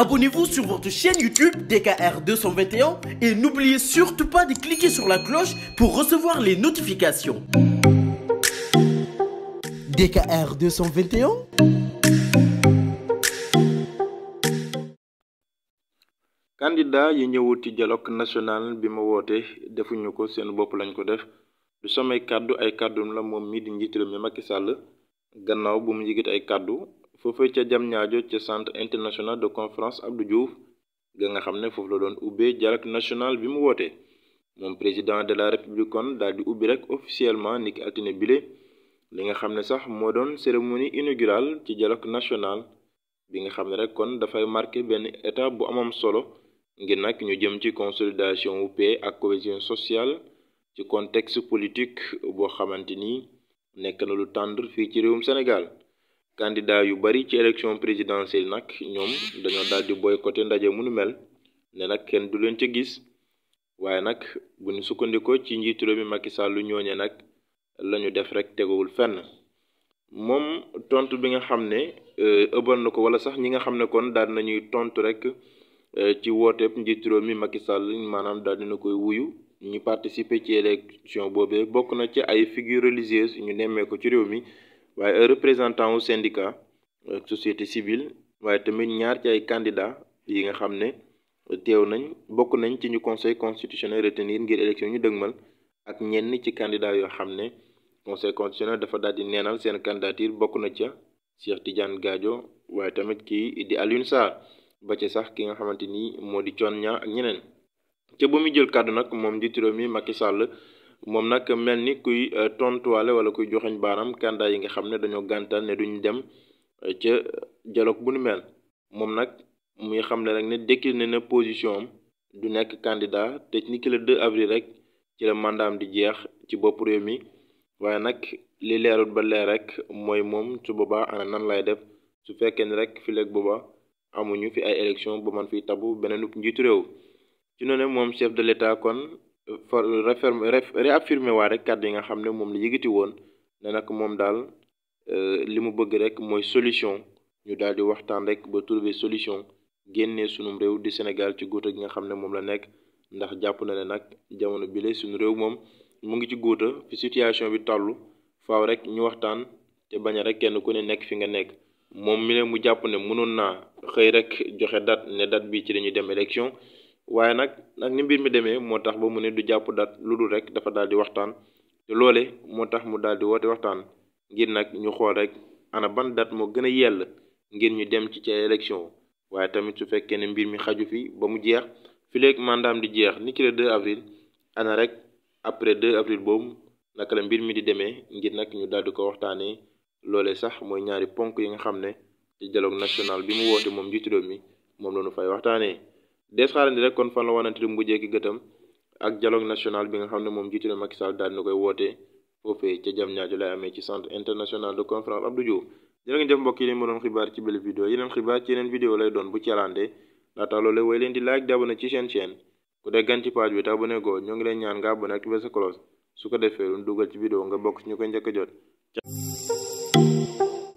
Abonnez-vous sur votre chaîne YouTube DKR 221 et n'oubliez surtout pas de cliquer sur la cloche pour recevoir les notifications. DKR 221. yi ñëwut ci dialogue national bi ma woote defuñu ko seen bopp lañ ko def du samay kàddu ay kàddum la moom mii di njiitu mi Macky Sall gannaaw bu mu ay kàddu. foofu ca jam ñaajo ca centre international de conférence Abdou Diouf ga nga xam ne foofu la doon ubbee dialogue national bi mu wootee moom président de la république kon daal di ubbi rek officiellement niki altine bile li nga xam ne sax moo doon cérémonie inaugurale ci dialogue national bi nga xam ne rek kon dafay marqué benn étape bu amam solo ngir nag ñu jëm ci consolidation wu paix ak cohésion sociale ci contexte politique boo xamante ni nekk na lu tendre fii ci réewum Sénégal candidat yu bari ci élection présidentielle nag ñoom dañoo daal booy boycotté ndaje mënu mel ne nag kenn du leen ca gis waaye nag bu ñu sukkandikoo ci njiitu mi Macky Sall lu nag la ñu def rek teguwul fenn moom tontu bi nga xam ne euh, ëbbal na ko wala sax ñi nga xam ne kon daal nañuy tontu rek euh, ci wooteeb njiitu réew mi Macky Sall maanaam daal dina koy wuyu ñu participer ci élection boobee bokk na ci ay figures religieuses ñu nemmee ko ci réew mi. waaye représentant wu syndicat ak euh, société civile waaye tamit ñaar ci ay candidat yi nga xam ne teew nañ bokk nañ ci ñu conseil constitutionnel retenir ngir élection ñu dëgmal ak ñenn ci candidat yoo xam ne conseil constitutionnel dafa daal di neenal seen candidature bokk na ca Cheikh Tidiane Gadio waaye tamit kii di aline Sarr ba ci sax ki nga xamante ni moo di coon ñaa ak ñeneen ca ba mu jël kàddu nag moom di réew mi Macky sàll moom nag mel ni kuy euh, tontuwaale wala kuy joxeñ baaraam candidat yi nga xam ne dañoo gàntal ne duñ dem euh, ca dialogue bu nu mel moom nag muy xam ne rek ne décliné na position am du nekk candidat te ni ki le avril rek ci la mandaam di jeex ci bopp réew mi waaye nag li leerul ba leer rek mooy moom su boobaa ana nan laay def su fekkee ni rek fileeg booba amuñu fi ay élection ba man fiy tabu beneen njiitu réew ci noonu moom chef de l'état kon for réaffirmé waa rek kàddu yi nga xam ne moom la yëgati woon ne nag moom daal euh, li mu bëgg rek mooy solution ñu daal di waxtaan rek ba trouver solution génnee sunum réew di Sénégal ci guuta gi nga xam ne moom la nekk ndax jàpp na ne nag jamono bile suñu réew moom mu ngi ci guuta fi situation bi tollu faaw rek ñu waxtaan te bañ a rek kenn ku ne nekk fi nga nekk moom mi ne mu jàpp ne mënoon naa xëy rek joxe date ne date bi ci la ñuy dem élection waaye nag nag ni mbir mi demee moo tax ba mu ne du jàpp dat lu dul rek dafa daal di waxtaan te loole moo tax mu daal di woote waxtaan ngir nag ñu xool rek ana ban dat moo gën a yell ngir ñu dem ci ca élection waaye tamit su fekkee ne mbir mi xaju fi ba mu jeex fi léegi mandaam di jeex ni ki le 2 avril ana rek après 2 avril boobu naka la mbir mi di demee ngir nag ñu daal di ko waxtaanee loole sax mooy ñaari ponk yi nga xam ne ci dialogue national bi mu woote moom njiitu réew moom la ñu waxtaanee. des xaarandi rek kon fan la wanante du mujjee ki gëtam ak dialogue national bi nga xam ne moom jiitu na Macky Sall daal na koy wootee foofee ca jam ñaajo lay amee ci centre international de conférence Abdou Diouf jërë ngeen jëf mbokk yi li mu doon xibaar ci belle vidéo yeneen xibaar ci yeneen vidéo lay doon bu calante laata loolu way leen di laaj di ci seen chaîne ku dee gan ci page bi te abonné ñoo ngi leen ñaan nga abonné activer sa cloche su ko defee lu dugal ci vidéo nga bokk ñu koy njëkk a